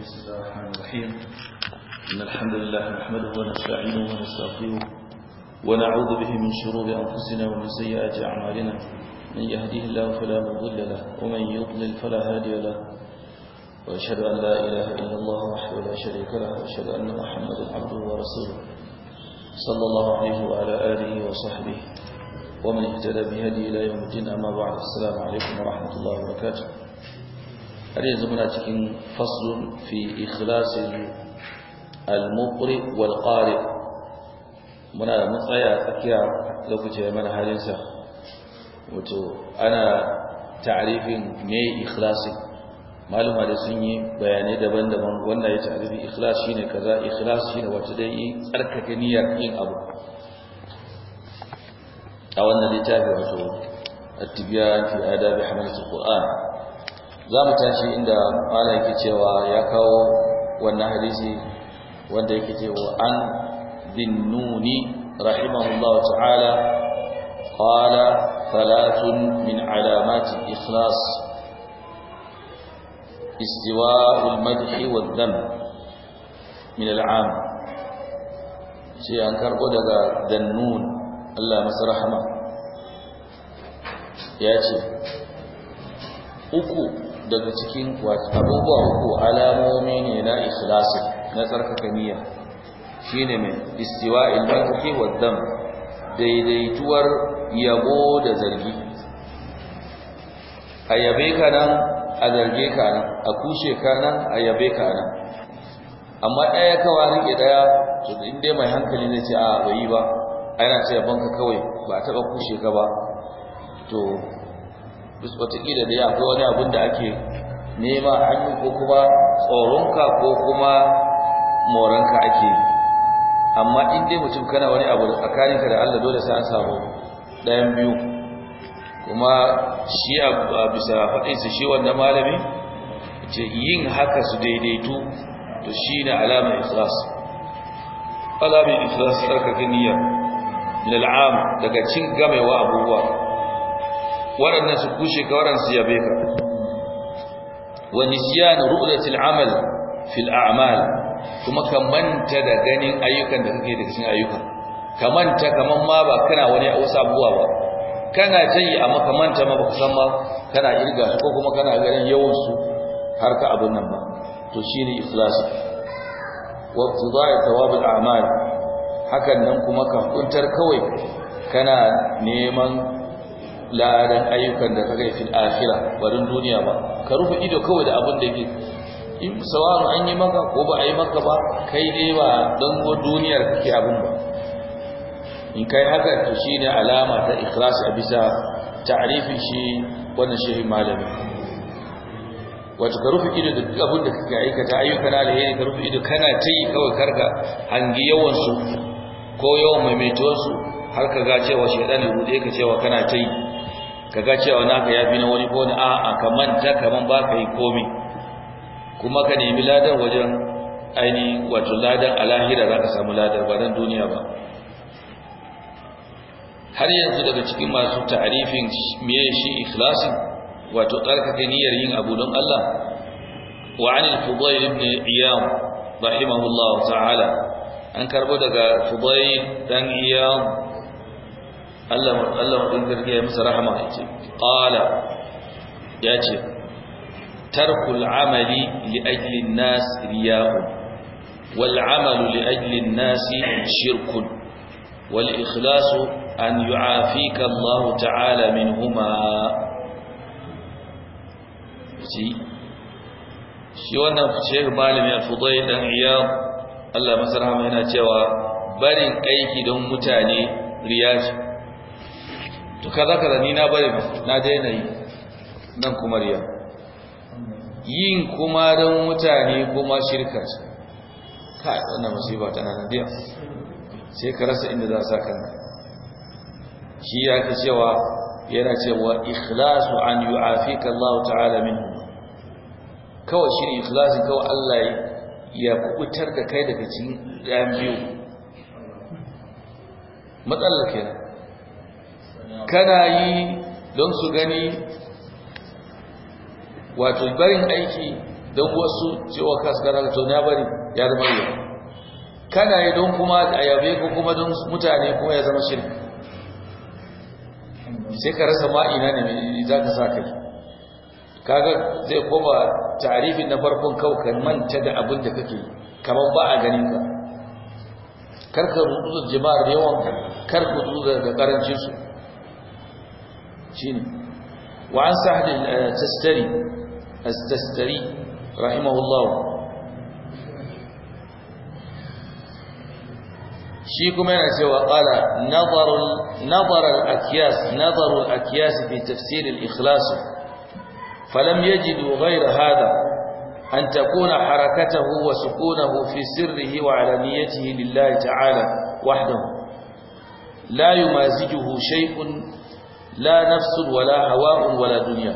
بسم الله الرحمن الرحيم إن الحمد لله نحمده ونستعينه ونستغفره ونعوذ به من شرور أنفسنا ومن سيئات أعمالنا من يهديه الله فلا مضل له ومن يضلل فلا هادي له وأشهد أن لا إله إلا الله وحده لا شريك له وأشهد أن محمدا عبده ورسوله صلى الله عليه وعلى آله وصحبه ومن اهتدى بهدي إلى يوم الدين أما بعد السلام عليكم ورحمة الله وبركاته har yanzu muna cikin faslun fi ikhlasil al-muqri wal qari muna da matsaya tsakiya lokacin da mana halinsa wato ana ta'arifin me ikhlasi maluma da sun yi bayanai daban-daban wannan ya ta'arifin ikhlas shine kaza ikhlas shine wato dai yin tsarkake niyyar yin abu a wannan littafin wato التبيان في آداب حملة القرآن za mu tashi inda mala yake cewa ya kawo wannan hadisi wanda yake cewa an bin nuni rahimahullah ta'ala qala thalathun min alamati ikhlas istiwa'ul madhi wal min al'am sai an karbo daga dannun Allah masa rahama ya ce uku daga cikin abubuwa uku alamomi ne na islasi na tsarkaka niyya ne mai istiwa madhi kake wadda daidaituwar yabo da zargi a yabe ka nan a zarge ka nan a kushe ka nan a yabe ka nan amma ɗaya kawa rike ɗaya to in dai mai hankali ne ce a bai ba ana ce ka kawai ba a taɓa kushe ka ba to bis wataƙila da akwai wani abin da ake nema hannu ko kuma tsoronka ko kuma moranka ake amma in dai mutum kana wani abu tsakaninka da Allah dole sai an samu ɗayan biyu kuma shi a bisa faɗinsa shi wannan malami ce yin haka su daidaitu to shi ne alamar ikhlas alamar ikhlas tsarkakin niyya min al'am daga cin gamewa abubuwa waɗannan su kushe ka su yabe ka wa nisyan ru'yatil amal fil a'mal kuma ka manta da ganin ayyukan da kake da cikin ayyukan ka manta kamar ma ba kana wani wasu abubuwa ba kana ta yi amma ka manta ma ba baka san ma kana irga su ko kuma kana ganin yawansu har ka abin nan ba to shi shine ikhlasi wa ibtida'i thawab al a'mal hakan nan kuma ka kuntar kawai kana neman ladan ayyukan da kaga fil akhira barin duniya ba ka rufe ido kawai da abin da yake in sawaru an yi maka ko ba a yi maka ba kai dai ba don go duniyar kake abin ba in kai haka to shine alama ta ikhlas a bisa ta'rifin shi wannan shehin malami wato ka rufe ido da duk abin da kake aikata ayyukan alheri ka rufe ido kana ta yi kawai karka hangi yawan su ko yawan maimaituwar su har ka ga cewa shedan ya buɗe ka cewa kana ta yi kaga cewa naka yafi na wani ko a'a ka manta kaman ba ka yi komai kuma ka nemi ladan wajen aini wato ladan alahira za ka samu ladan ba duniya ba har yanzu daga cikin masu ta'arifin me shi ikhlasin wato tsarkake niyyar yin abu don Allah wa anil fudayl ibn iyam rahimahullahu ta'ala an karbo daga fudayl dan iyam Allah Allah din ya masa rahama yace qala yace tarkul amali li ajli an-nas riya'un wal amalu li shirkun wal ikhlasu an yu'afika Allah ta'ala minhuma yace shi wannan shehu malami al-fudayl dan iyad Allah masarhama yana cewa barin aiki don mutane riya to kaza kaza ni na bari na daina yi nan kuma riya yin kuma don mutane kuma shirka ce kai wannan musiba tana nan biya sai ka rasa inda za sa kanka shi ya ke cewa yana cewa ikhlasu an yu'afika Allah ta'ala min kawai shi ne ikhlasi kawai Allah ya kubutar da kai daga cikin ɗayan biyu matsalar kenan kana yi don su gani wato barin aiki don wasu cewa kaskara to na bari ya zama yi kana yi don kuma a yabe ko kuma don mutane kuma ya zama shirka sai ka rasa ma'ina ne za ka sa kai kaga zai koma tarifin na farkon kawkan manta da abin da kake kamar ba a ganin ka karka rudu da jama'ar yawan karka rudu da karancin su شنو وعن سعد التستري آه، التستري رحمه الله شيكم انا سوى قال نظر نظر الاكياس نظر الاكياس في تفسير الاخلاص فلم يجدوا غير هذا ان تكون حركته وسكونه في سره وعلانيته لله تعالى وحده لا يمازجه شيء la nafsun wala hawa'un wala duniya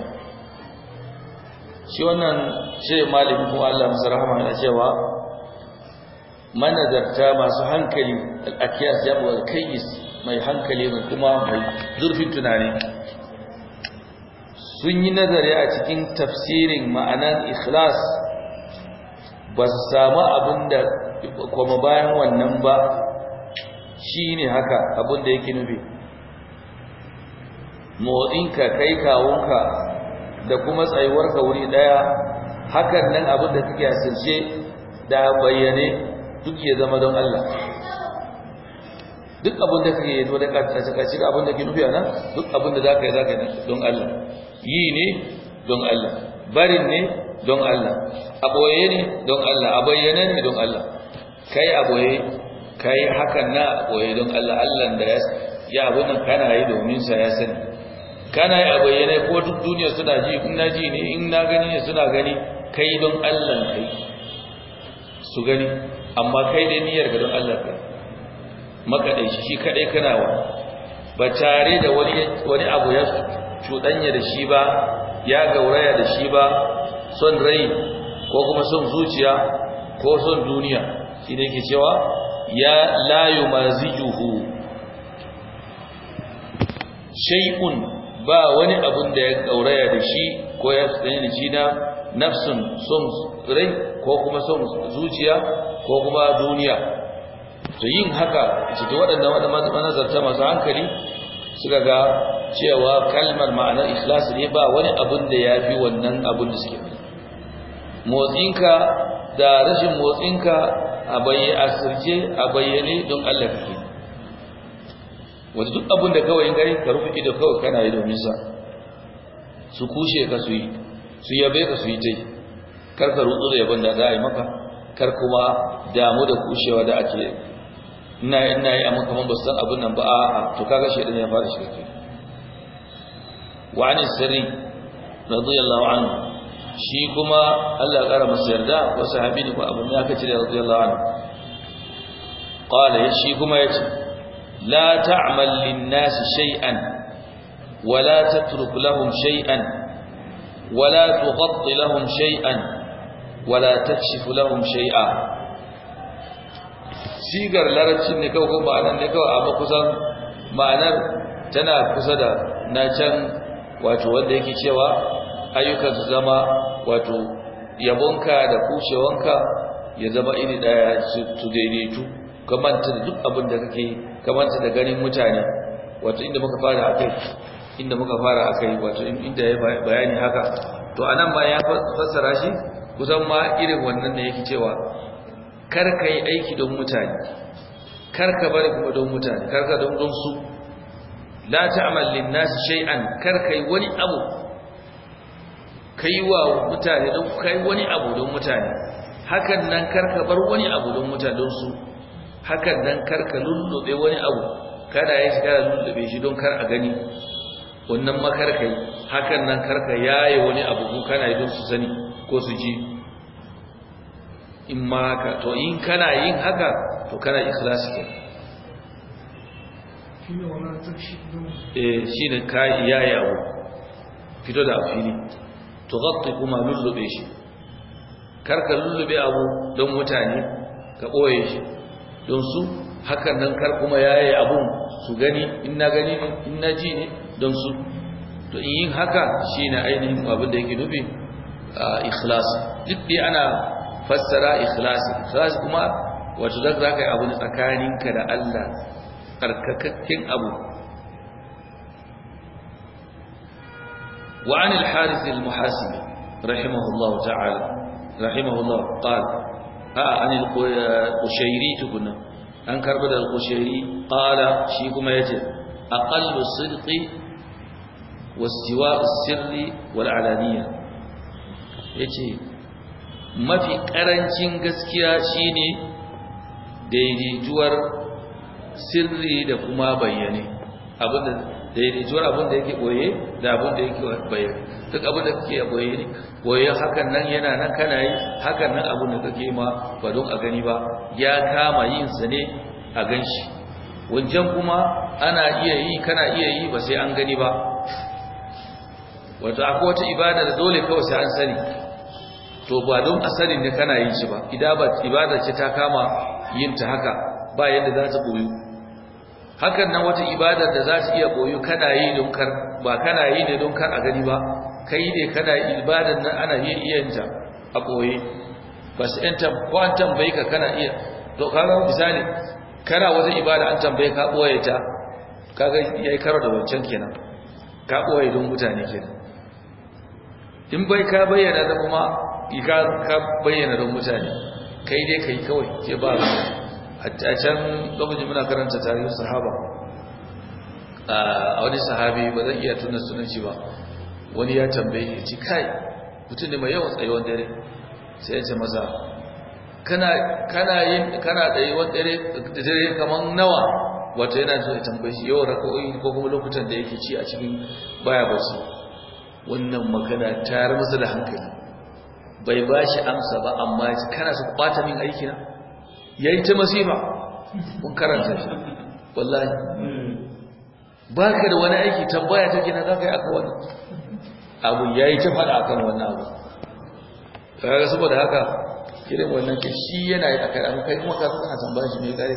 shi wannan ce malamin kuma Allah masa rahama yana cewa manazarta masu hankali al-akiyas jabu al-kayyis mai hankali mai kuma mai zurfin tunani sun yi nazari a cikin tafsirin ma'anar ikhlas ba su samu abinda kuma bayan wannan ba shine haka abinda yake nufi motsinka kai kawunka da kuma tsayuwarka wuri daya hakan nan abin da kake asirce da bayyane duk ya zama don Allah duk abin da kake yi to da kace da abin da ke nufi nan duk abin da zaka yi zaka yi don Allah yi ne don Allah barin ne don Allah a ne don Allah a bayyane ne don Allah kai a kai hakan na a don Allah Allah da ya abin nan kana yi domin sa ya sani kana yi a bayyana ko duk duniya suna ji in na ji ne in na gani ne suna gani kai don allah kai su gani amma kai dai niyyar ga don allah kai makaɗai shi shi kaɗai kana wa ba tare da wani abu ya cuɗanya da shi ba ya gauraya da shi ba son rai ko kuma son zuciya ko son duniya shi ne ke cewa ya layu mazijuhu shay'un ba wani abun da ya gauraya da shi ko ya tsaye da shi na nafsin son rai ko kuma son zuciya ko kuma duniya to yin haka cikin waɗannan manazarta masu hankali suka ga cewa kalmar ma'anar Islas ne ba wani abun da ya fi wannan abun da suke motsinka da rashin motsinka a bayyane a bayyane don Allah wanda duk abinda kawai in gari ka rufe ido kawai kana yi domin sa su kushe ka su yi su yabe ka su yi tai kar ka rutsu da yabon da za a yi maka kar kuma damu da kushewa da ake ina ina yi amma kaman ba san abin nan ba a'a to kaga shi shedan ya fara shi kai wa an sirri radiyallahu Lawan, shi kuma Allah ya kara masa yarda wasu sahabi ne ko abun ya kace da radiyallahu anhu qala shi kuma ya ce. la ta'mal lin-nas shay'an wa la tatruk lahum shay'an wa la tughatti lahum shay'an wa la sigar larabcin ne kawai ko ma'anar ne kawai amma kusan ma'anar tana kusa da na can wato wanda yake cewa ayyukan su zama wato yabonka da kushewanka ya zama iri daya su daidaitu manta da duk abin da kake kamar da ganin mutane wato inda muka fara akai inda muka fara akai wato inda ya bayani haka to anan ma ya fassara shi kusan ma irin wannan ne yake cewa kar ka yi aiki don mutane kar ka bari kuma don mutane kar ka don don su la ta'mal lin nas shay'an kar ka yi wani abu kai wa mutane don kai wani abu don mutane hakan nan kar ka bar wani abu don mutane don su hakan nan karka lullube wani abu kada ya shiga lullube shi don kar a gani wannan makarkai hakan nan karka yaye wani abu ko kana yi don su sani ko su ji in ma ka. to in kana yin haka to kana ikhlasi ke eh shi ne ka yaye abu fito da fili to gatti kuma lullube shi karka lullube abu don mutane ka ɓoye shi don su hakan nan kar kuma yaye abun su gani in na gani ne in na ji ne don su to in yin haka shi shine ainihin abin da yake nufi ikhlas duk dai ana fassara ikhlas ikhlas kuma wato zaka ka yi abu tsakaninka da Allah karkakakken abu wa an al-harith al-muhasibi rahimahullahu ta'ala rahimahullahu qala an anil eh, qushairi tukuna an karba da qushairi qala shi kuma yace aqallu sidqi wastiwa sirri wal alaniya yace mafi karancin gaskiya shine daidaituwar sirri da kuma bayyane abinda da ya hijuwar abin da yake boye da abin da yake bayan duk abin da kake boye ne boye hakan nan yana nan kana yi hakan nan abin da kake ma ba don a gani ba ya kama yin sa ne a ganshi wajen kuma ana iya yi kana iya yi ba sai an gani ba wato akwai wata ibada da dole kawai sai an sani to ba don a sani ne kana yin shi ba idan ba ibada ce ta kama yin ta haka ba yadda za ta koyu hakan nan wata ibada da za su iya boyo kana yi don kar ba kana yi ne don kar a gani ba kai ne kana ibadar nan ana iya iya ta a boye ba su yanta ko an tambaye ka kana iya to kaga misali kana wata ibada an tambaye ka boye ta kaga yayi karo da wancan kenan ka boye don mutane kenan in bai ka bayyana da kuma ka bayyana don mutane kai dai kai kawai ke ba a can lokacin muna karanta tarihin sahaba a wani sahabi ba zan iya tunan sunanci shi ba wani ya tambaye ya ci kai mutum ne mai yawan tsayuwan dare sai ya ce maza kana yin kana tsayuwan dare dare kaman nawa wato yana zuwa ya tambaye shi yawan raka'o'i ko kuma lokutan da yake ci a cikin baya bacci wannan magana ta yar masa da hankali bai ba shi amsa ba amma kana su ɓata min aiki na yayi ta masifa mun karanta shi wallahi baka da wani aiki tambaya take na zaka yi aka wani, abu yi ta fada akan wannan abu kaga saboda haka kirin wannan ke shi yana yi kai amma kai kuma kasu kana tambaya shi mai kare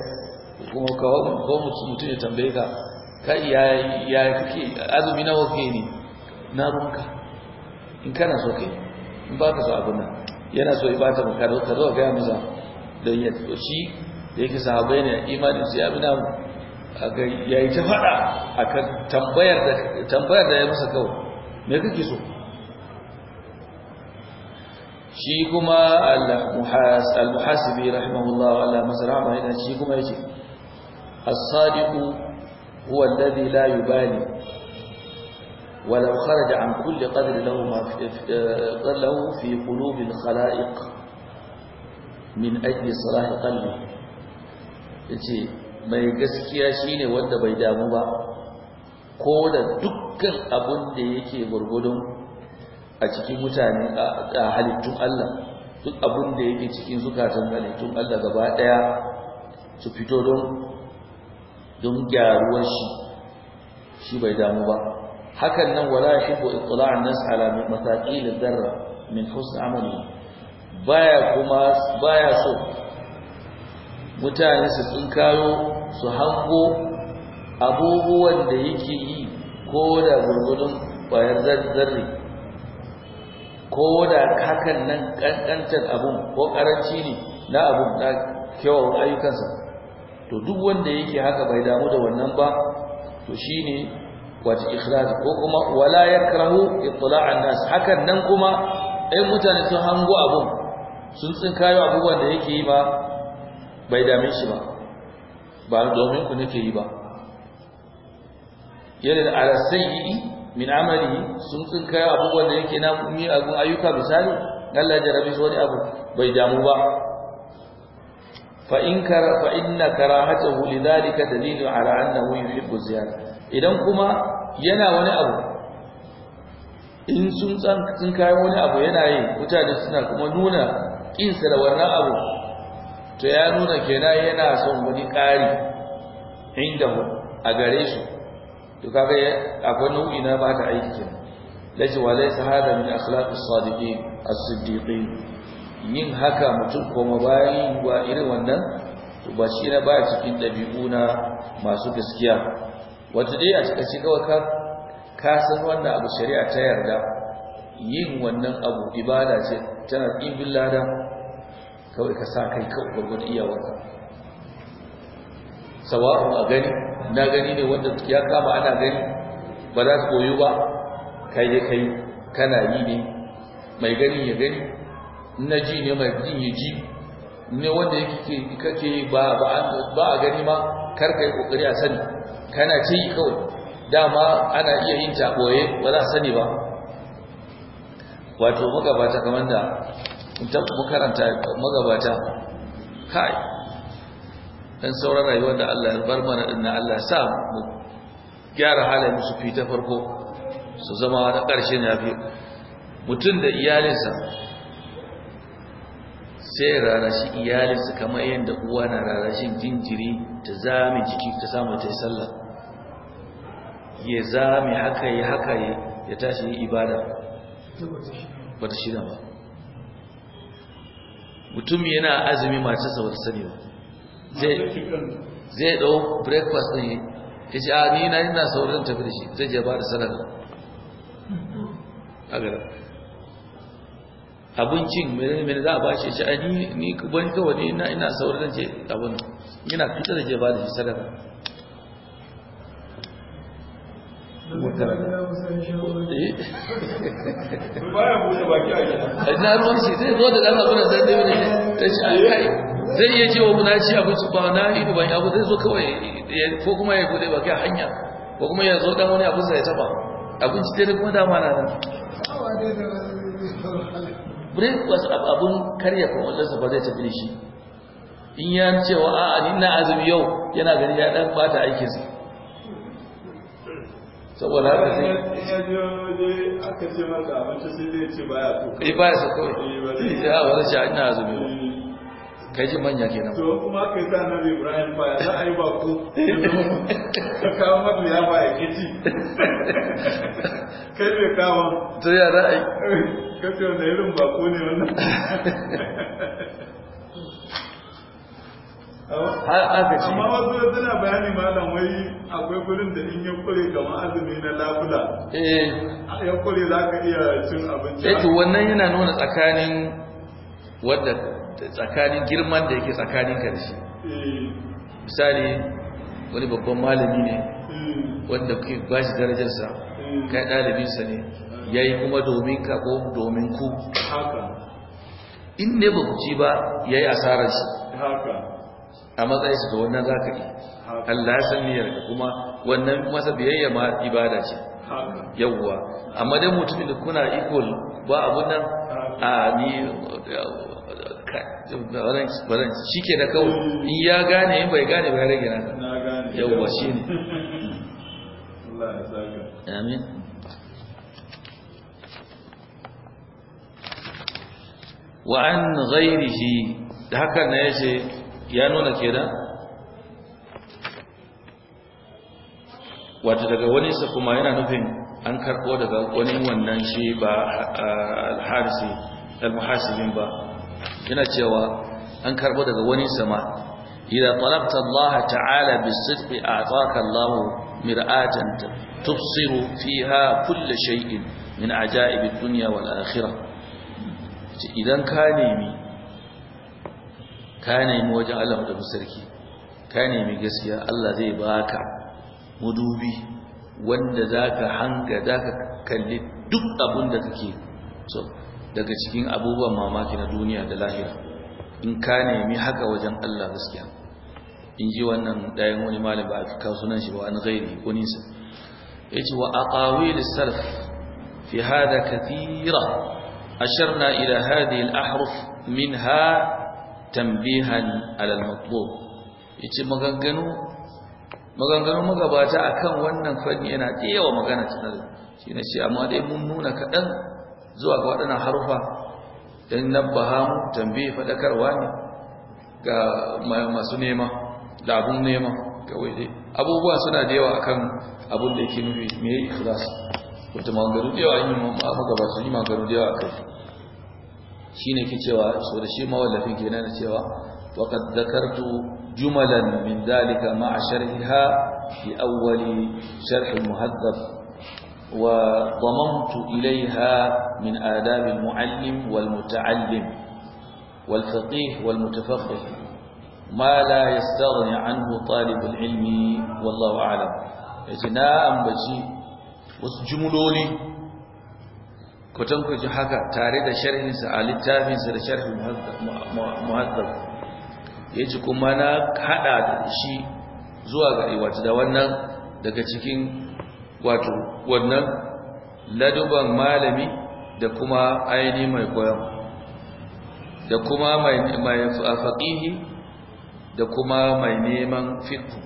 kuma kawo ko mutum ya tambaye ka kai ya ya kake azumi na kake ne na ruwanka in kana so kai in ba ka so abin nan yana so ya bata maka ka zo ka gaya masa dan ya shi da yake sahabbai ne imani sai amina aka yayi ta fada akan tambayar da tambayar da ya masa kawai me kake so shi kuma al-muhasibi rahimahullah wa ala masrama ina shi kuma yake as-sadiqu huwa alladhi la yubali ولو خرج عن كل قدر له ما قدر له في قلوب الخلائق min ajli salahi qalbi yace mai gaskiya shine wanda bai damu ba ko da dukkan abun da yake gurgudun a cikin mutane a halittun Allah duk abun da yake cikin zukatan halittun Allah gaba daya su fito don don gyaruwar shi shi bai damu ba hakan nan wala yuhibbu ittila'an nas ala mithaqil dharra min husn amali baya kuma baya so mutane su tsinkaro su hango abubuwan da yake yi ko da gurgudun bayan zarri ko da hakan nan kankancin abun ko karanci ne na abun na kyawawan ayyukansa to duk wanda yake haka bai damu da wannan ba to shine wata ikhlasi ko kuma wala yakrahu itla'an nas hakan nan kuma ai mutane sun hango abun sun kayo abubuwan da yake yi ba bai dame shi ba ba domin ku nake yi ba yana da alasayi min amali sun tsinkayo abubuwan da yake na kumi ayyuka misali Allah ya rabi wani abu bai damu ba fa in kara fa inna karahatahu lidhalika dalilu ala annahu yuhibbu ziyada idan kuma yana wani abu in sun tsinkayo wani abu yana yi mutane suna kuma nuna kinsa da wannan abu to ya nuna kenan yana son wani kari inda a gare su to kaga akwai nau'i na ba ta aiki kenan laji wa laysa hada min akhlaqis sadiqin as-siddiqin yin haka mutum ma bayan wa irin wannan to ba shi na baya cikin dabi'u na masu gaskiya wata dai a cika shi kawai ka ka san wannan abu shari'a ta yarda yin wannan abu ibada ce tana ɗibin lada kawai ka sa kai kawai gwargwadon iyawarka sawa'un a gani na gani ne wanda ya kama ana gani ba za su koyo ba kai dai kai kana yi ne mai gani ya gani na ji ne mai jin ya ji ne wanda yake kake ba ba a gani ma kar kai kokari a sani kana yi kawai dama ana iya yin ta boye ba za sani ba wato magabata kamar da in ta karanta magabata kai dan sauran rayuwar da Allah ya bar mana din Allah sa mu gyara halin musu fita farko su zama na ƙarshen yafi mutum da iyalinsa sai shi iyalinsa kamar yadda uwa na rarashin jinjiri ta zame jiki ta samu ta yi sallah ya zame haka ya haka ya tashi yi ibada ba ta ba mutum yana azumi masu ba sani ba zai ɗau breakfast ɗin ya ce a ni na na saurin tafi da shi zai je ba da sadaka a gara abincin mene mene za a ba shi a ni ni ban kawai ina ina saurin ce abin yana fitar da je ba da shi sadaka Eh? na ruwan shi zai zo da ɗan abu da zai zai wani ta ci ayi zai iya ce wa muna ci abinci ba na ido ban abu zai zo kawai ko kuma ya gode ba kai hanya ko kuma ya zo dan wani abu sai ya taba abinci dai kuma dama na nan breakfast abun karya kwallonsa ba zai tafi shi in ya cewa a'a ni na azumi yau yana gari ya dan bata aikinsa saboda haka sai ya ji wani aka ce maka abinci sai zai ce baya ko eh, baya eh, ya wani shi ina eh. kai ji manya kenan to kuma kai sa na Ibrahim ba ya ba ka kawo ya ba ya kici kai bai kawo to ya irin ne wannan har aka ce amma wasu suna bayani malam wai akwai gurin da in ya kure ga ma'azumi na labula eh ya kure za ka iya cin abinci eh to wannan yana nuna tsakanin wadda tsakanin girman da yake tsakanin ka shi eh. misali wani babban malami ne eh. wanda kuke ba shi darajarsa eh. kai ɗalibinsa ne ya yi kuma domin ka ko domin ku in ne ba ku ci ba ya yi asarar shi a matsayin su wannan za ka yi Allah ya san niyyarka kuma wannan masa biyayya ma ibada ce yawwa amma dai mutumin da kuna equal ba abun nan a ni shi ke da kawo in ya gane in bai gane bai rage na yawwa shi ne amin wa an ghairihi da haka na ce. ya nuna kenan wato daga wani sa kuma yana nufin an karbo daga wani wannan shi ba al-harisi al-muhasibin ba yana cewa an karbo daga wani sama. ma talabta Allah ta'ala bis a'taka Allah mir'atan fiha kull shay'in min aja'ib dunya wal-akhirah idan ka nemi ka nemi wajen Allah da sarki ka nemi gaskiya Allah zai baka mudubi wanda zaka hanga zaka kalli duk abin da kake so daga cikin abubuwan mamaki na duniya da lahira in ka nemi haka wajen Allah gaskiya in ji wannan dayan wani malam ba a kawo sunan shi ba wani gairi wani sa ce wa aqawil salaf fi hada kathira asharna ila hadhihi al-ahruf minha tambihan alal matlub yace maganganu maganganu magabata akan wannan fanni yana tsayawa magana shi shine shi amma dai mun nuna kadan zuwa ga wadannan harufa dan mu tambihi fadakarwa ne ga masu nema da abun nema kawai dai abubuwa suna da yawa akan abun da yake nufi me ikhlas kuma maganganu da yawa yin magabata yin maganganu da yawa kai shine ki cewa so da shi mawallafin kenan cewa wa qad zakartu jumalan min dalika ma'a sharhiha fi awwali sharh al-muhaddaf wa damantu ilayha min adab al-muallim wal muta'allim wal faqih wal mutafaqqih ما لا يستغني عنه طالب العلم والله اعلم اتنا امبجي wasu jumloli kutankuci haka tare da sharhinsa a littafinsa da sharhin muhaddab ya ci kuma na haɗa da shi zuwa gari wata da wannan daga cikin wato wannan laduban malami da kuma aini mai koyon da kuma mai faƙihi da kuma mai neman fiƙu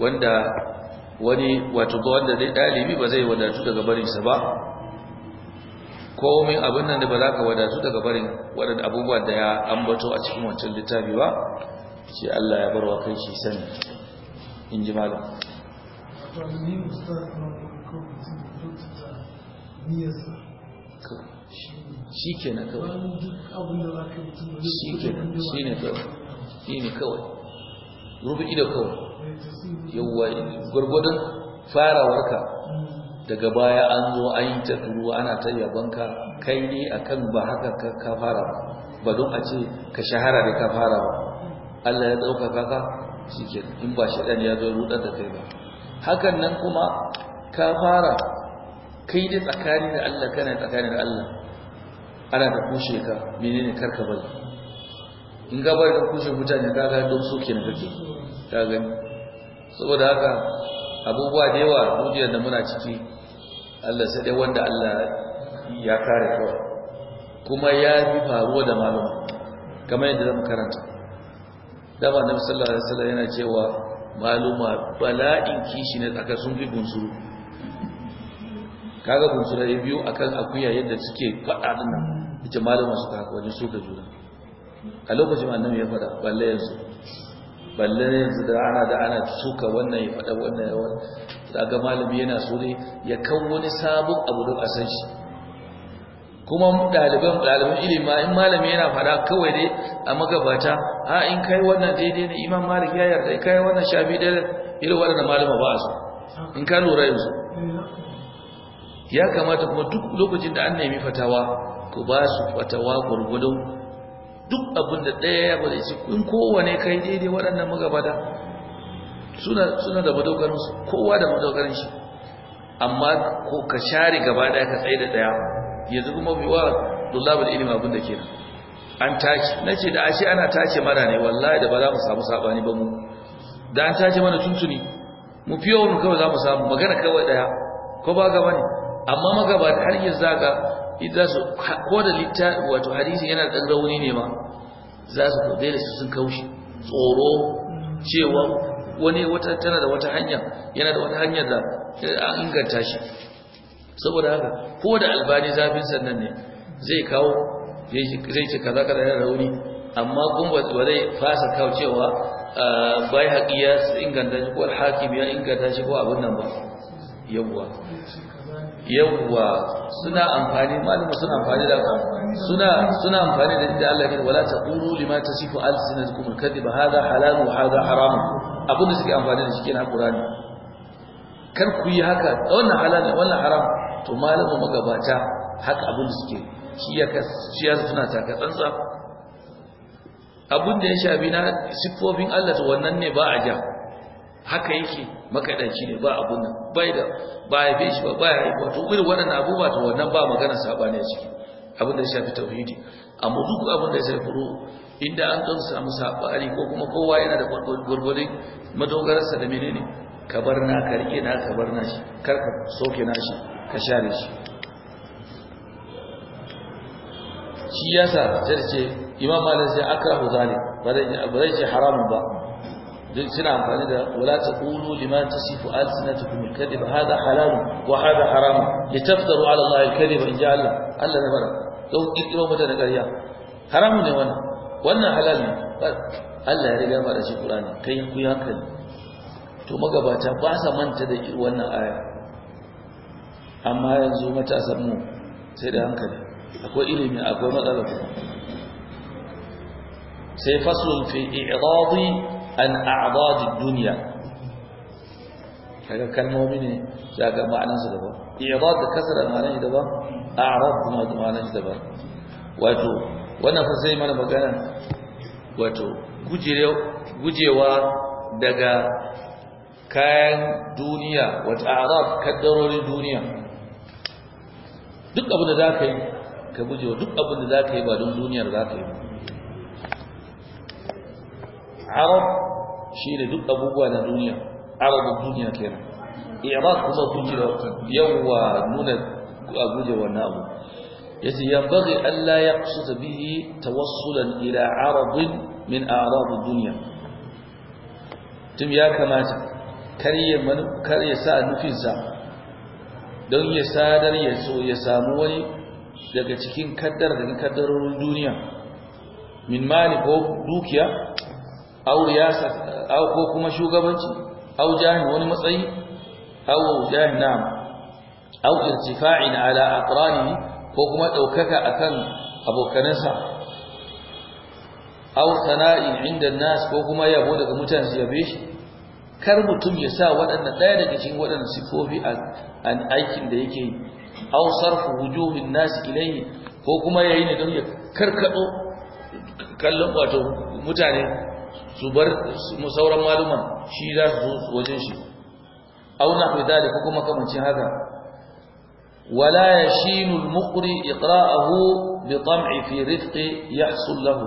wanda wani wato ba wanda dai ɗalibi ba zai wadatu daga barinsa ba komin abin nan da ba za ka wadatu daga barin waɗanda abubuwa da ya ambato a cikin wancan littafi ba shi Allah ya barwa kai shi sani in ji malam shi ke na kawai shi ne kawai shi ne kawai rubu'i kawai yawwa gwargwadon farawarka daga baya an zo an yi ta ana ta banka, kai ne akan ba haka ka fara ba ba don a ce ka shahara da ka fara ba Allah ya ɗaukaka ka shike in ba shaɗan ya zo rudar da kai ba hakan nan kuma ka fara kai da tsakani da Allah kana tsakani da Allah ana ta kushe ka menene karka bari in ka bari ka kushe mutane ka ga don so kenan kake ka gani saboda haka abubuwa da yawa duniyar da muna ciki Allah sai dai wanda Allah ya kare kawai kuma ya fi faruwa da malama kamar yadda zamu karanta dama na sallallahu alaihi wasallam yana cewa maluma bala'in kishi ne tsakar sun fi bunsuru kaga bunsuru ya biyu akan akuya yadda suke faɗa nan ita malama su ka wajen suka juna a lokacin annabi ya faɗa balle yanzu balle yanzu da ana da ana suka wannan ya faɗa wannan ya wani malami yana so ne ya kan wani sabon abu don a san shi kuma ɗaliban ɗaliban ilimi in malami yana faɗa kawai dai a magabata a in kai wannan daidai ne imam malik ya yarda in kai wannan shafi da irin wannan malama ba a so in ka lura yanzu ya kamata kuma duk lokacin da an nemi fatawa ku ba su fatawa gurgudun duk abin da ɗaya ya bada shi in kowane kai daidai waɗannan magabata suna da su kowa da madogarin shi amma ko ka share gaba ɗaya ka tsaye da ɗaya yanzu kuma biyuwa dullabin ilimin abin da ke an tashi na ce da ashe ana tace mara ne wallahi da ba za mu samu saɓani ba mu da an tace mana tuntuni mu fiye mu kawai za mu samu magana kawai ɗaya ko ba gaba ne amma magabata har yanzu zaga ko da littafi wato hadisi yana da rauni ne ma za su daina su sun kaushi tsoro cewa wani wata tana da wata hanya yana da wata hanya da a inganta shi saboda haka ko da albani zafin sannan ne zai kawo zai ce kaza kaza yana rauni amma gumba ba zai fasa kawo cewa bai haƙi ya inganta shi ko alhakim ya inganta shi ko abin nan ba yawwa yawwa suna amfani malamu suna amfani da suna suna amfani da inda Allah ya wala taqulu lima tasifu alsinatukum alkadhiba hadha halal wa hadha haram abin da suke amfani da shi kenan Qur'ani kar ku yi haka wannan halal wannan haram to malamu magabata haka abin da suke shi ya shi ya suna taka tsantsa abin da ya shafi na sifofin Allah to wannan ne ba a ja haka yake makaɗanci ne ba abun nan bai da ba ya shi ba ba ya yi wato irin waɗannan abubuwa to wannan ba magana sabani a ciki abin da ya shafi tauhidi amma duk abin da ya shafi furu inda an kan samu sabani ko kuma kowa yana da gurgurin madogararsa da menene ka bar na ka rike na ka bar na shi kar ka soke na shi ka share shi shi yasa sai ce imam malam sai akrahu zalim ba zai ce haramun ba duk suna amfani da wala ta taqulu lima tasifu alsinatukum alkadhib hada halal wa hada haram litaftaru ala Allah alkadhib in ja Allah Allah ne bara to kikiro mata da ƙarya haramu ne wannan wannan halal ne Allah ya riga fara shi Qur'ani kai ku ya kai to magabata ba sa manta da wannan aya amma yanzu matasan mu sai da hankali akwai ilimi akwai matsala sai faslun fi i'radi an a'dadi dunya kaga kalmomi ne za ga ma'anar su daban i'dad da kasara ma'anar shi daban a'rad kuma da ma'anar shi daban wato wannan fa sai mana magana wato gujewa daga kayan duniya wata a'rad kaddarorin duniya duk abin da za yi ka gujewa duk abin da za yi ba don duniyar za ka yi ba arab shi ne duk abubuwa na duniya arabin duniya nan iraq kuma gujira yawa nuna a guje wannan abu yace yanbaghi an ya yaqsud bihi tawassulan ila arab min a'rab duniya dunya tun ya kamata kar ya kar ya sa nufinsa don ya sadar ya so ya samu wani daga cikin kaddar daga kaddarorin duniya min mali ko dukiya au riyasa au ko kuma shugabanci au jahin wani matsayi au jahin na'am au irtifa'in ala aqrani ko kuma daukaka akan abokanansa Au sana'i, inda nas ko kuma yabo daga mutane su yabe shi kar mutum ya sa waɗanda ɗaya daga cikin waɗanda sifofi a aikin da yake yi sarfu wujuhin nas ilayhi ko kuma yayi ne don ya karkado kallon wato mutane su bar sauran maluman shi za su wajen shi auna fi dalika kuma kamancin haka wala yashinu al-muqri iqra'ahu bi tam'i fi rifqi ya lahu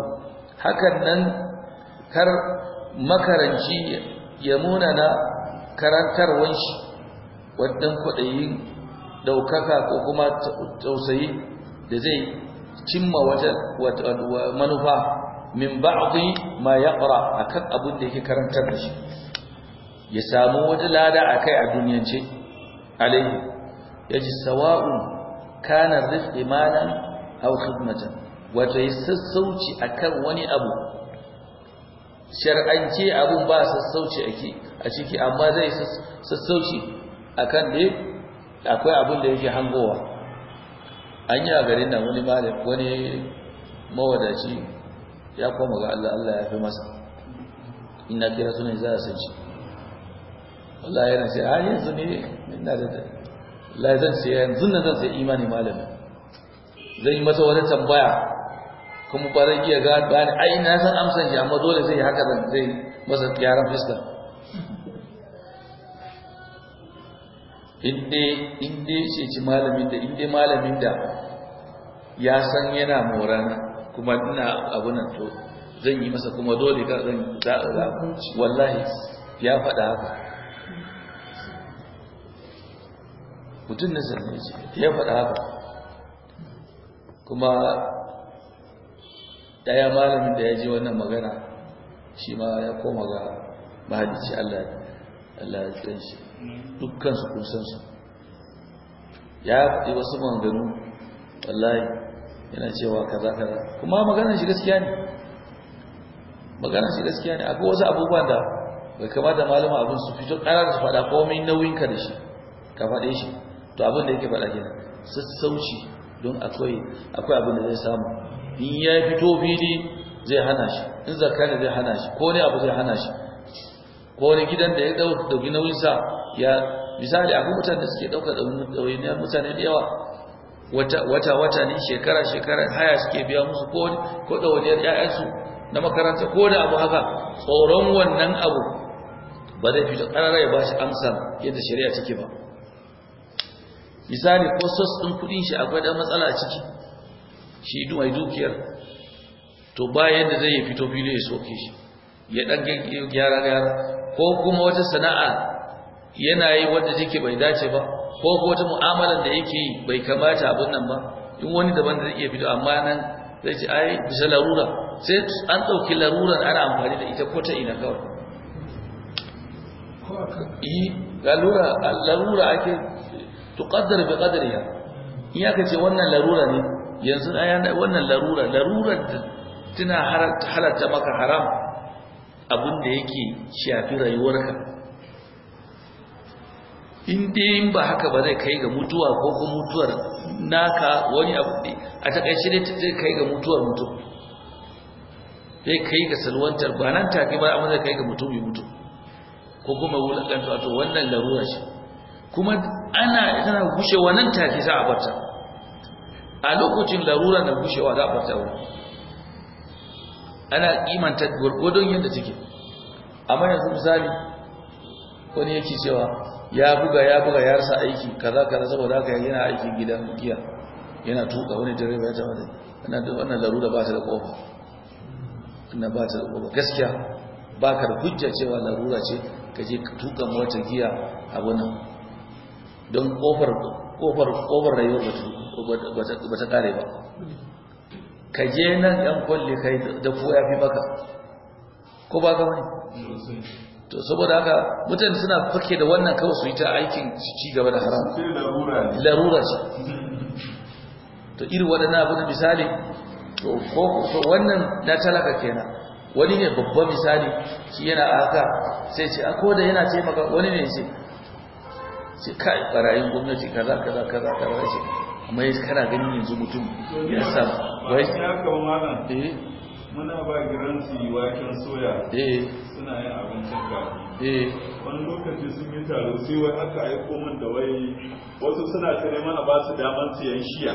hakan nan kar makaranci ya munana karantarwan shi wadan kwaɗayin daukaka ko kuma tausayi da zai cimma wata manufa min ba'dhi ma yaqra akan abin da yake karantar da shi ya samu wata lada akai a duniyance alaihi yaji sawa'u kana rifqi malan aw khidmatan wato ya sassauci akan wani abu Shar'anci abun ba sassauci ake a ciki amma zai sassauci akan da akwai abin da yake hangowa an yi a garin nan wani malam wani mawadaci ya koma ga Allah Allah ya fi masa ina kira sunan za a sanci. Allah yana sai a yanzu ne ina da ta Allah zan sai yanzu na zan sai imani malami zan yi masa wani tambaya kuma ba zan iya gane bani ai ina san amsan shi amma dole sai haka zan zai masa gyaran fiska inde inde shi ci malamin da inde malamin da ya san yana morana kuma ina abu nan to zan yi masa kuma dole ka zan za a wallahi ya faɗa haka mutum na zan yi ya faɗa haka kuma ɗaya malamin da ya ji wannan magana shi ma ya koma ga mahalicci Allah Allah ya tsaye shi dukkan su kun san su ya faɗi wasu maganganu wallahi yana cewa kaza kaza kuma maganar shi gaskiya ne maganar shi gaskiya ne akwai wasu abubuwan da bai da malama abin su fito ƙara su faɗa komai nauyin ka da shi ka faɗe shi to abin da yake faɗa kenan sassauci don akwai akwai abin da zai samu in ya fito fili zai hana shi in zakka zai hana shi ko ne abu zai hana shi ko ne gidan da ya dauki nauyin sa ya misali akwai mutane da suke ɗaukar ɗauyin mutane da yawa wata wata ne shekara shekara haya suke biya musu ko ko dawaniyar su na makaranta ko da abu haka tsoron wannan abu ba zai fito karara ya bashi amsa yadda shari'a take ba misali ko sos ɗin kuɗin shi akwai da matsala a ciki shi mai dukiyar to ba yadda zai yi fito fili ya soke shi ya dan gyara gyara ko kuma wata sana'a yana yi wanda take bai dace ba ko ko wata mu'amalar da yake yi bai kamata abin nan ba in wani daban da zai iya fito amma nan zai ce ai bisa larura sai an ɗauki larurar ana amfani da ita ko ta ina kawai yi larura larura ake tuqaddar bi qadriha in aka ce wannan larura ne yanzu ai wannan larura Larura tana halatta maka haram abin da yake shafi rayuwarka in yin ba haka ba zai kai ga mutuwa ko kuma mutuwar naka wani abu ne a takaice ta zai kai ga mutuwar mutum zai kai ga salwantar ba nan take ba amma zai kai ga mutum ya mutu ko kuma wulakanta wato wannan larura ce kuma ana tana gushe wannan take za a barta a lokacin larura na gushewa za a barta wani ana kimanta gurgudun yadda take amma yanzu misali wani yake cewa ya buga ya buga ya rasa aiki kaza kaza saboda haka yana aikin gidan giya yana tuka wani direba ya tawa da wannan larura ba ta da kofa ina ba ta da kofa gaskiya ba ka da hujja cewa larura ce ka je tuka motar giya a wannan don kofar kofar kofar rayuwar ba ta kare ba ka je nan yan kwalli kai da fuya fi maka ko ba ka wani to saboda haka mutane suna fake da wannan kawai su yi ta aikin ci gaba da haram larura ce to iri waɗannan abu da misali to wannan na talaka kenan wani ne babban misali shi yana haka sai ce ako da yana taimaka wani ne ce ce kai barayin gwamnati kaza kaza kaza kaza ce amma kana ganin yanzu mutum ya samu wai ya kawo malam eh muna ba giransu waken soya eh. suna yin abincin kafi eh. wani lokaci sun yi taro sai wai aka aiko min da wai wasu suna tare mana ba su daman siyan shiya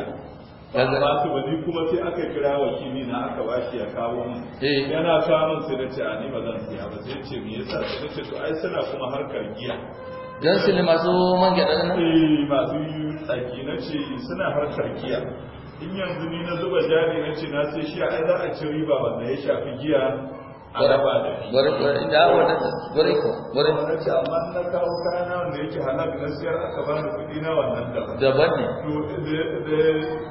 ba ba su bani kuma sai aka kira wakili na aka ba shi ya kawo mu eh. yana samun sai da ce a ni ba zan siya ba sai ce me yasa sai ce to ai suna kuma harkar giya dan su ne masu man gyaɗa nan eh masu tsaki na ce suna harkar giya in yanzu ni na zuba jari na ce na sai shi a za a ci riba wanda ya shafi giya a raba da shi ce amma na kawo kana wanda yake halal na siyar aka ba da kuɗi na wannan daban daban ne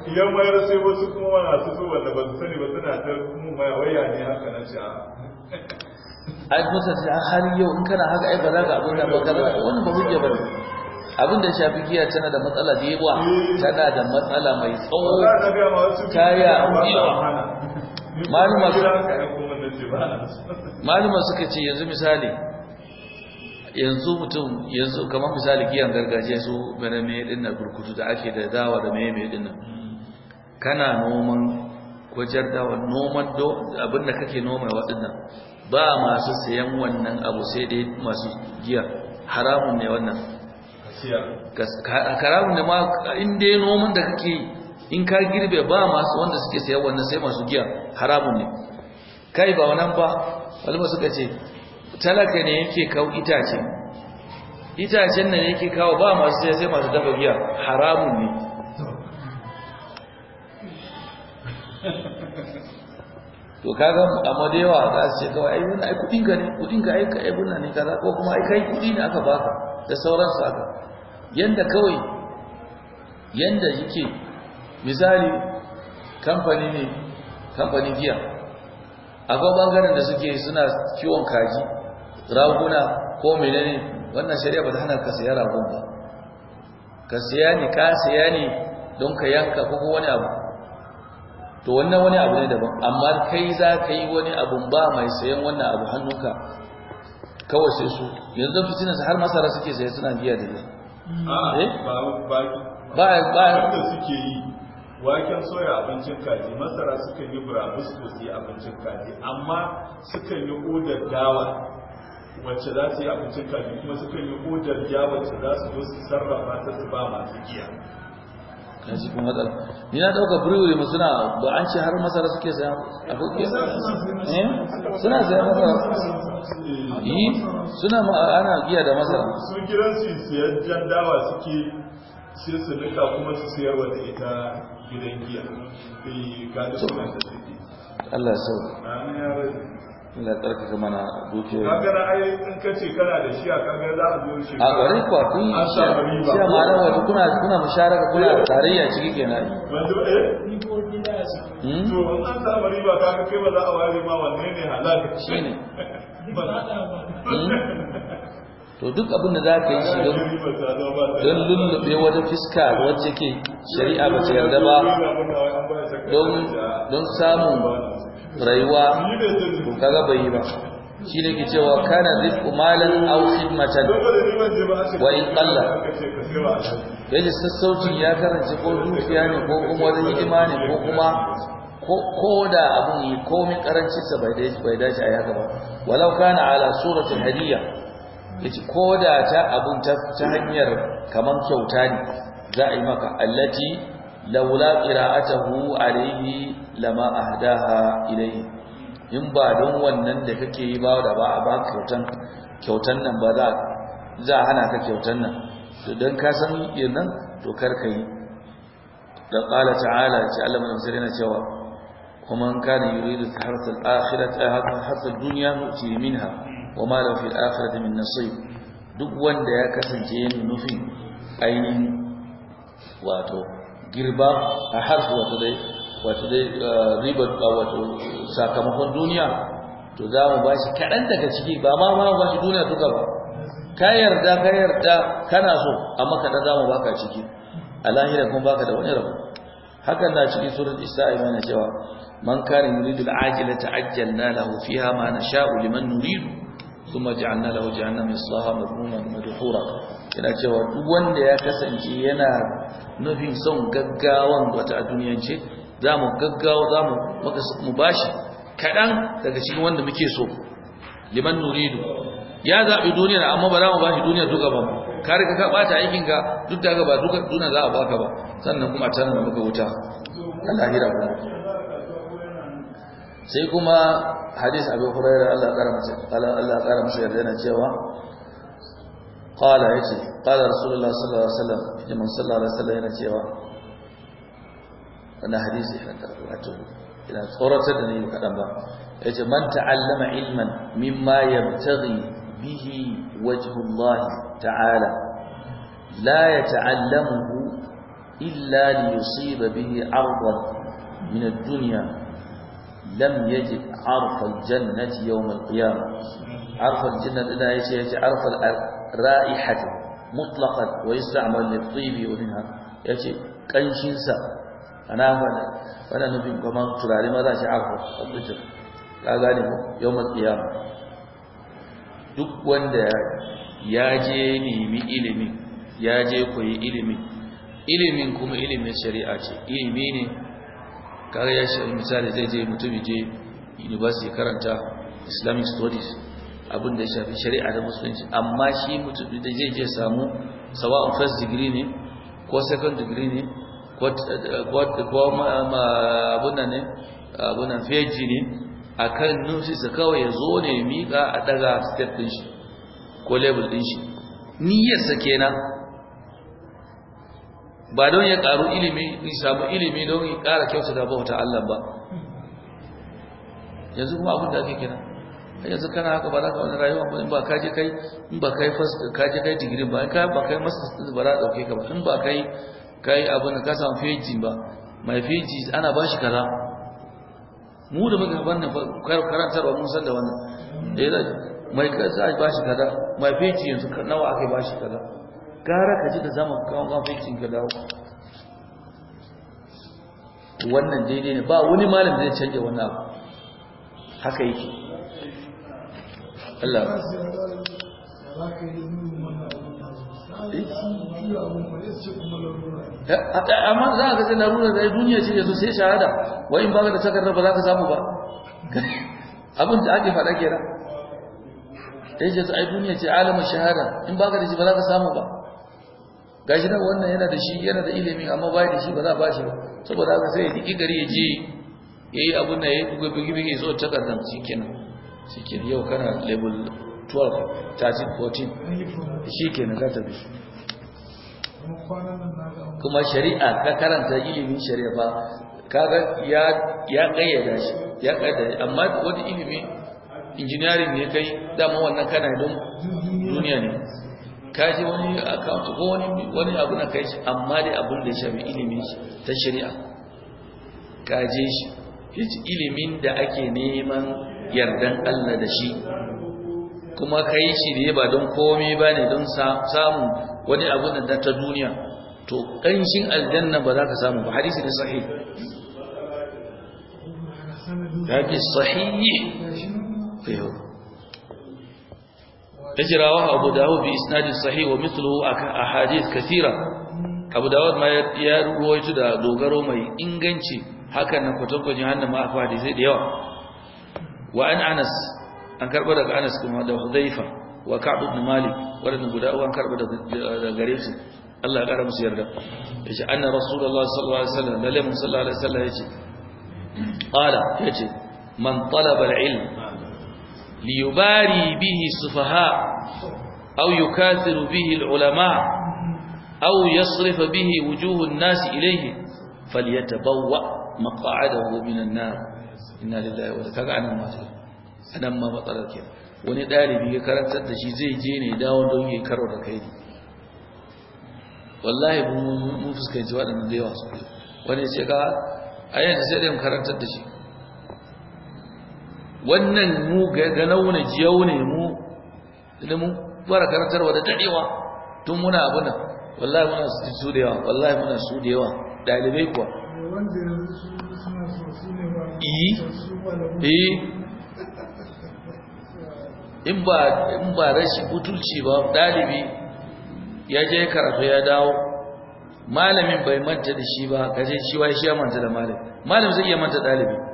to mayar sai wasu kuma wana su zuwa da ba su sani ba suna ta mu mai waya ne haka na ce ai a har yau in kana haka ai ba za ka abin da ba ka wani ba hujja ba ne abin da shafi giya tana da matsala da yawa tana da matsala mai tsawo ta yawa maluma suka ce yanzu misali yanzu mutum yanzu kamar misali giyan gargajiya su mene mai din na burkutu da ake da dawa da mai mai dinna kana noman kwajar dawa noman abin da kake noma waɗannan ba masu sayan wannan abu sai dai masu giya haramun ne wannan haramun ne ma in dai noman da kake yi in ka girbe ba masu wanda suke siya wannan sai masu giya haramun ne kai ba wannan ba walma suka ce talaka ne yake kawo itace itacen nan yake kawo ba masu siya sai masu dafa giya haramun ne to kaga amma da yawa za su ce kawai ai wani ai kudin ka ne kudin ka ai ka ai ne kaza ko kuma ai kai kudi ne aka baka da sauransu aka yanda kawai yanda yake misali kamfani ne kamfani giya akwai bangaren da suke suna kiwon kaji raguna ko menene wannan shari'a ba ta hana ka siya ragun ba ka siya ne ka siya ne don ka yanka ko wani abu to wannan wani abu ne daban amma kai za ka yi wani abu ba mai sayan wannan abu hannunka kawai sai su yanzu fitinansa har masara suke saye suna biya da biya Ah, eh? ba da suke yi waken soya abincin kaji masara sukan yi burabusko su yi abincin kaji amma sukan yi odar dawa wacce za su yi abincin kaji kuma sukan yi odar dawa wacce za su zo su sarrafa ta su ba masu giya na kuma matsala ni na dauka brewery mu suna ba an ce har masara suke saya a kuke eh suna saya masara yi eh? suna ma ana giya da masara su kiran su siyar jaddawa suke sai su nika kuma su siyar wa da ita gidan giya eh ga da suna da Allah ya sauka amin ya rabbi Allah tsarkaka mana Ka gara ai in ka ce kana da shi a za a zo shi. A gari kuwa kun yi shi. a ma'ana kuna kuna musharaka kuna tarayya ciki kenan. To duk abinda da za ka yi shi don lullube wata fiska wacce ke shari'a ba ta yarda ba don samun rayuwa kun kaga bai ba shi ne ke cewa kana rizqu malan aw khidmatan wa in qalla yaji sassaucin ya karanci ko dukiya ne ko kuma wani hidima ne ko kuma ko da abun yi komai karanci sa bai dace bai dace a yaka ba walau kana ala suratul hadiya yaji ko da ta abun ta hanyar kaman kyauta ne za a yi maka allati laula qira'atuhu alayhi lama ahdaha ilayhi in ba don wannan da kake yi ba da ba a ba kyautan kyautan nan ba za za hana ka kyautan nan to dan ka san yin nan to kar ka yi da qala ta'ala ce Allah mun sirrina cewa kuma kana yuridu harsa al-akhirati harsa duniya dunya nu'ti minha wa ma lahu fil akhirati min nasib duk wanda ya kasance yana nufin ainihin wato girba a harsu wato dai wato dai uh, ribar uh, wato sakamakon duniya to za mu ba shi kaɗan daga ciki ba ma ma ba shi duniya duka ba ka yarda ka yarda kana so amma kaɗan za mu baka ciki a lahira kuma baka da wani rabu hakan na cikin surat isra'i mana cewa man kana yuridu al'ajila ta'ajjalna lahu fiha ma nasha'u liman nuridu kuma ja'alna lahu jahannam yaslaha madhmuman madhura yana cewa duk wanda ya kasance yana nufin son gaggawan wata a duniyance mu gaggawa za mu bashi kadan daga cikin wanda muke so liman nuridu ya zaɓi duniyar amma ba za mu bashi duniyar duka ba ka riga ka ɓata aikin ka duk daga ba duka duna za a baka ba sannan kuma tanar da muka wuta Allah ya rahama sai kuma hadis abu hurairar Allah ƙara masa yarda yana cewa qala ya qala rasulullah sallallahu alaihi wasallam jimin sallallahu alaihi wasallam yana cewa wani hadisi wato ina tsoratar da ni kaɗan ba ya man ta'allama ilman mimma yabtaghi bihi wajhullahi ta'ala la yata'allamuhu illa liyusiba bihi ardan min ad-dunya lam yajid arfal jannati yawm al-qiyamah arfal jannat ina yace yace arfal ra'ihati mutlaqan wa yasta'mal lit-tibi wa minha yace kanshin sa ana fada wannan nufin kuma turare ma za shi arfa tabbata ka gane ko yawm al-qiyamah duk wanda ya je nemi ilimi ya je koyi ilimi ilimin kuma ilimin shari'a ce ilimi ne kare ya shi misali zai je mutum je university karanta islamic studies abin da ya shafi shari'a da musulunci amma shi mutum da zai je samu sawa'un first degree ne ko second degree ne ko abunan ne abunan feji ne a kan su kawai ya zo ne miƙa a ɗaga step ɗin shi ko label ɗin shi niyyarsa kenan ba don ya karu ilimi ni samu ilimi don ya kara kyauta da bauta Allah ba yanzu kuma abin da ake kira yanzu kana haka ba za ka wani rayuwa ba in ba ka je kai in ba kai first ka je kai degree ba in ka ba kai masters ba za dauke ka ba in ba kai kai abin da ka samu PhD ba mai PhD ana ba shi kaza mu da muka wannan karantarwa mun san da wannan eh mai kaza ba shi kaza mai PhD yanzu nawa aka ba shi kaza gara ka ji da zaman kawo kafin ka dawo wannan daidai ne ba wani malam zai canje wannan abu haka yake Allah ba eh, amma za a gasa larura da duniya ce yanzu sai shahada in ba da takardar ba za ka samu ba abin da ake faɗa kera ta yi ce ai duniya ce alamun shahada in ba ka da shi ba za ka samu ba gashi nan wannan yana da shi yana da ilimi amma ba da shi ba za a bashi ba saboda haka sai ya diki gari ya je ya yi abin da ya yi buga bugi bugi zuwa takardar shi kenan yau kana level 12 13 14 shi kenan ka bi kuma shari'a ka karanta ilimin shari'a ba kaga ya ya kayyada shi ya kayyada amma wani ilimi injiniyarin ne kai dama wannan kana don duniya ne ka ji wani account ko wani wani abu na kai amma dai abin da ya shafi ilimi ta shari'a ka je shi hiç ilimin da ake neman yardan Allah da shi kuma kai shi ne ba don komai ba ne don samun wani abu da ta duniya to ƙanshin aljanna ba za ka samu ba hadisi ne sahih hadisi sahih yace abu dawud bi isnadin sahih wa mithluhu ahadith kathira abu dawud ma ya ruwaito da dogaro mai inganci hakan nan kwatankwajin hannun ma akwai hadisai da yawa wa an anas an karba daga anas kuma da hudhaifa wa ka'b ibn malik wadannan guda uku an karba daga gare su Allah ya kara musu yarda yace anna rasulullahi sallallahu alaihi wasallam lalle mun sallallahu alaihi wasallam yace qala yace man talaba al-ilm liyubari bihi sufaha aw yukathiru bihi au aw yasrifa bihi wujuhu an-nas ilayhi falyatabawwa maq'adahu minan nar inna lillahi wa kaga anan ma anan ma matsalar wani dalibi ya karantar da shi zai je ne dawo don yi karo da kai wallahi mun fuskanci waɗannan da yawa su wani ce ka ayyan sai karantar da shi wannan mu ga launa jiyau ne mu da mu fara karantarwa da dadewa tun muna abuna nan wallahi muna su da yawa wallahi muna su da yawa dalibai kuwa in ba in ba rashin butulci ba dalibi ya je karatu ya dawo malamin bai manta da shi ba kaje shi wai shi ya manta da malam. malamin zai iya manta dalibi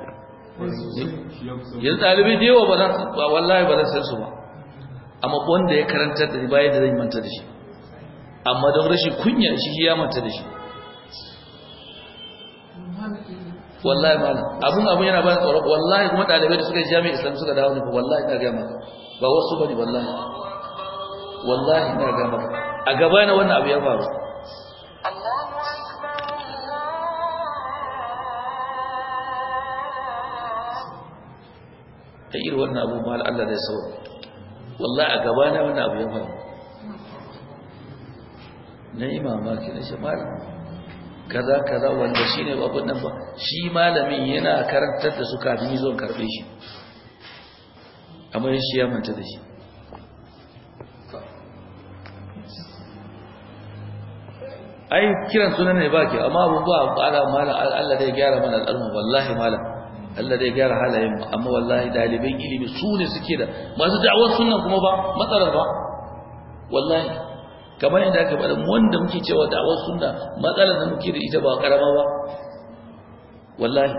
yanzu ɗalibi da yawa ba za su wallahi ba za su su ba amma wanda ya karanta da bayan da zai manta da shi amma don rashin kunya shi ya manta da shi wallahi malam abun abun yana ba tsoro wallahi kuma ɗalibai da suka jami'a islam suka dawo ne wallahi ina ga maka ba wasu ba ne wallahi wallahi na ga maka a gaba na wannan abu ya faru ta irin wannan abu ma Allah zai sauri wallahi a gaba na wannan abu ya faru na yi mamaki na shi malam kaza kaza wanda shi ne abin nan ba shi malamin yana karantar da su kafin zuwan karɓe shi amma shi ya manta da shi ai kiran sunan ne baki amma abun ba ala mala Allah zai gyara mana al'umma wallahi malam Allah zai gyara halayen amma wallahi daliban ilimi su ne suke da masu da'awar sunan kuma ba matsalar ba wallahi kamar yadda aka faɗa wanda muke cewa da'awar sunna matsalar da muke da ita ba karama ba wallahi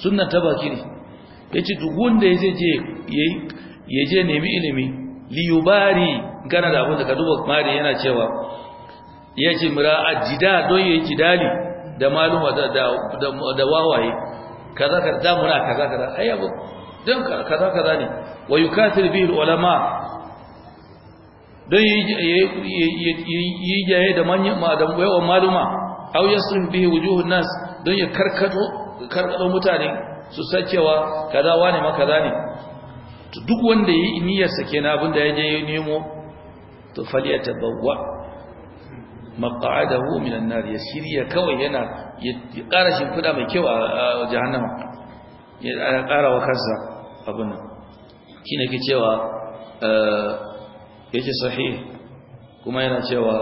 sunna ta baki ne yace duk wanda yaje je yayi yaje nemi ilimi liyubari gana da abin da ka duba mari yana cewa yace ajida don yayi jidali da maluma da da wawaye kaza kaza da muna kaza kaza ai abu don kaza kaza ne wa yukathir bihi ulama don yi yi da manyan, yawan maluma aw yasrin bihi wujuhun nas don ya karkato karkato mutane su san cewa kaza wane ma kaza ne to duk wanda yi sa kenan abin da ya je ya nemo to falyatabawwa مقعده من النار يسيري كوي هنا يقارش كدا ما كيو جهنم يقار آه، وكزا أبونا كنا كيوا آه، يجي صحيح كما هنا كيوا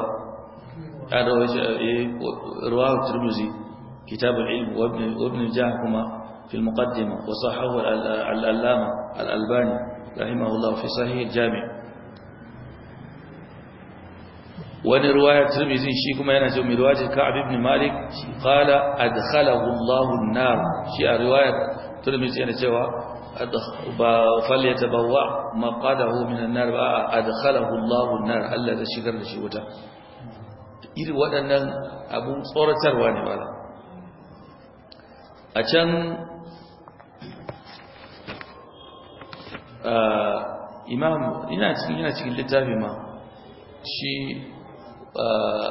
أدو آه، إيه، رواه الترمذي كتاب العلم وابن وابن جاهكما في المقدمة وصححه الألامة الألباني رحمه الله في صحيح الجامع wani ruwaya tirmidhi shi kuma yana cewa mai ruwaya ka ibn malik shi qala adkhalahu allah an-nar shi a ruwaya tirmidhi yana cewa falyatabawwa maqadahu min an-nar ba adkhalahu allah an-nar Allah da shigar da shi wuta irin waɗannan abun tsoratarwa ne wala a can ah, imam ina cikin littafi ma shi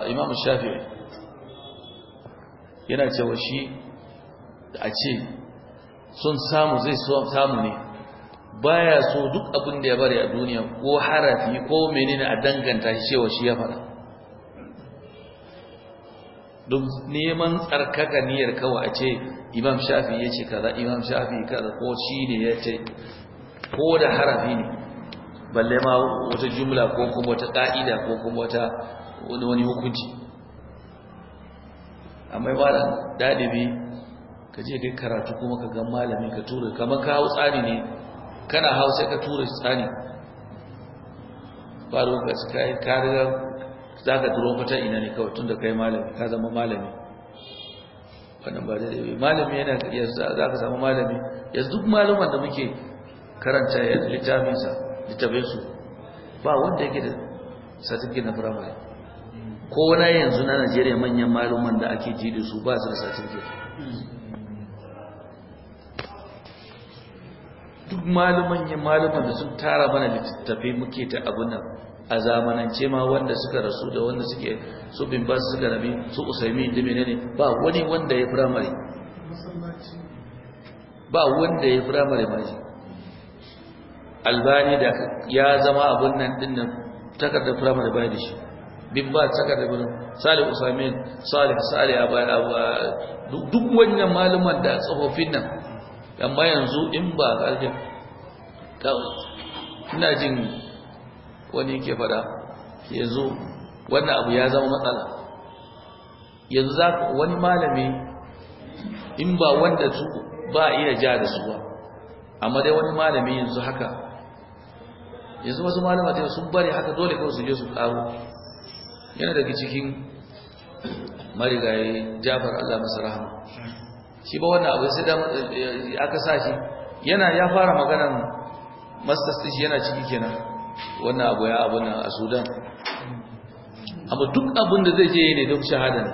imam shafi'i yana cewa shi a ce sun samu zai samu ne baya so duk abin da ya bari a duniya ko harafi ko menene a danganta shi cewa shi ya faɗa duk neman tsarkaka niyyar kawai a ce imam shafi ya ce kaza imam shafi kaza ko shi ne ya ce ko da harafi ne balle ma wata jumla ko kuma wata ka'ida ko kuma wata wani hukunci amma ba da dalibi ka je kai karatu kuma ka ga malami ka tura kamar ka hau tsani ne kana hau sai ka tura tsani ba ruwa ka ka riga za ka turo fata ina ne kawai tun da kai malami ka zama malami wannan ba da daidai malami yana za ka zama malami yanzu duk malaman da muke karanta littafinsa littafinsu ba wanda yake da certificate na firamare ko na yanzu na najeriya manyan maluman da ake ji da su ba su da certificate duk maluman ya maluman da sun tara mana littattafai muke ta abun nan a zamanance ma wanda suka rasu da wanda suke subin ba su suka rabi su usaimi da menene ba wani wanda ya firamare ba wanda ya firamare ma shi albani da ya zama abun nan din nan takardar firamare bai da shi bin ba takarda gurin salih usamin salih salih duk wannan malaman da tsofaffin nan amma yanzu in ba ƙarfin ina jin wani ke fada yanzu wannan abu ya zama matsala yanzu za wani malami in ba wanda su ba iya ja da su ba amma dai wani malami yanzu haka yanzu wasu malama ta sun bari haka dole kawai su je su karo yana daga cikin marigayi jafar allah masu rahama shi ba wannan abu sai da aka sa shi yana ya fara maganan masters shi yana ciki kenan wannan abu ya abu a sudan amma duk abin da zai je ne don shahada ne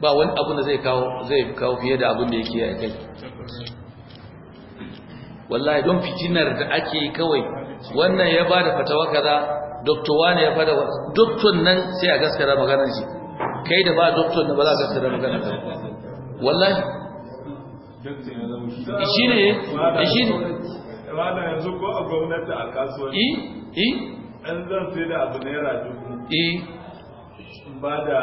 ba wani abin da zai kawo zai kawo fiye da abin da yake a kai wallahi don fitinar da ake kawai wannan ya ba da fatawa kaza doktor wani ya fada doktor nan sai a gaskara maganar shi kai da ba doktor ne ba za ka gaskara maganar ka wallahi shi ne shi ne rana yanzu ko a gwamnati a kasuwanci eh eh an zan sai da abu naira dubu eh ba da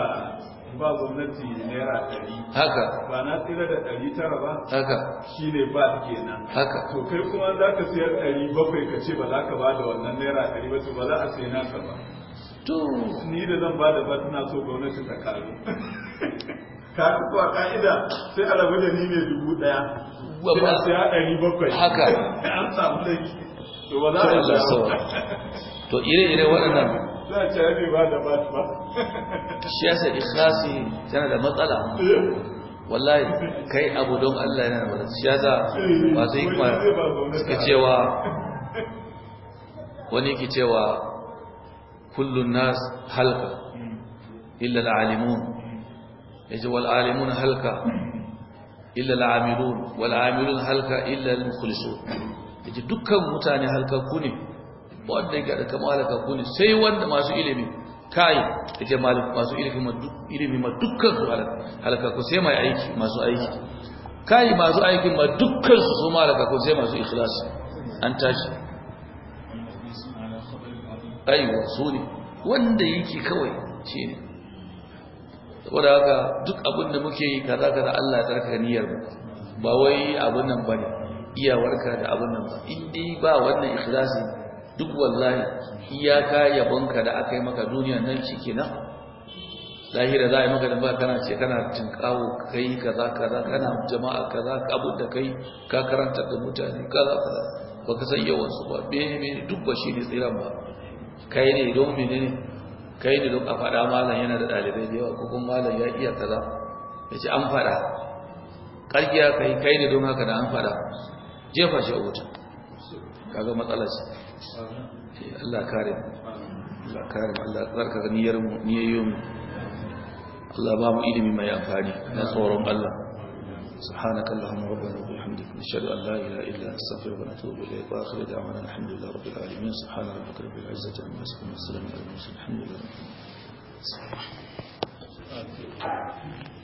ba gwamnati naira ɗari haka ba na tsira da ɗari tara ba haka shi ne ba kenan haka to kai kuma za ka siyar ɗari bakwai ka ce ba za ka ba da wannan naira ɗari ba to ba za a sai naka ba to ni da zan ba da ba tana so gwamnati ta karu ka kuwa ka'ida sai a rabu da ni ne dubu ɗaya sai a siya ɗari bakwai haka an samu laifi to ba za a yi ba. to ire-ire waɗannan za ta yabe ba da ba ba shi yasa ikhlasi tana da matsala wallahi kai abu don Allah yana da shi yasa masu hikma suka cewa wani ki cewa kullun nas halka illa al'alimun yaji wal alimun halka illa al'amilun wal amilun halka illa al mukhlisun yaji dukkan mutane halka ku ne wanda ya gada kama halaka ku sai wanda masu ilimi da ke masu ilimi ma dukkan su halaka ku sai mai aiki masu aiki Kayi masu aiki ma dukkan su su halaka ku sai masu ikhlas an tashi aiwa su ne wanda yake kawai shi ne saboda haka duk abin da muke yi kaza kaza Allah ya tsarkaka niyyar mu ba wai abin nan bane iyawarka da abin nan ba in dai ba wannan ikhlasi duk wallahi iyaka yabonka da aka yi maka duniya nan shikenan lahira za a yi maka da ba kana ce kana tinkawo kai kaza kaza kana jama'a kaza abin da kai ka karanta da mutane kaza kaza ba ka san yawan su ba bene bene duk ba shi ne tsiran ba kai ne don ne kai ne don a faɗa malam yana da ɗalibai da yawa ko kuma malam ya iya kaza ya ce an faɗa ƙarfiya kai kai ne don haka da an faɗa jefa shi a wuta kaga matsala shi. Allah kare mu Allah kare mu Allah tsarka ga niyyar mu niyyoyin mu Allah ba mu ilimi mai amfani na tsoron Allah سبحانك اللهم ربنا وبحمدك نشهد ان لا اله الا انت نستغفرك ونتوب اليك واخر دعوانا الحمد لله رب العالمين سبحان ربك رب العزه عما يصفون والسلام على المرسلين الحمد لله رب العالمين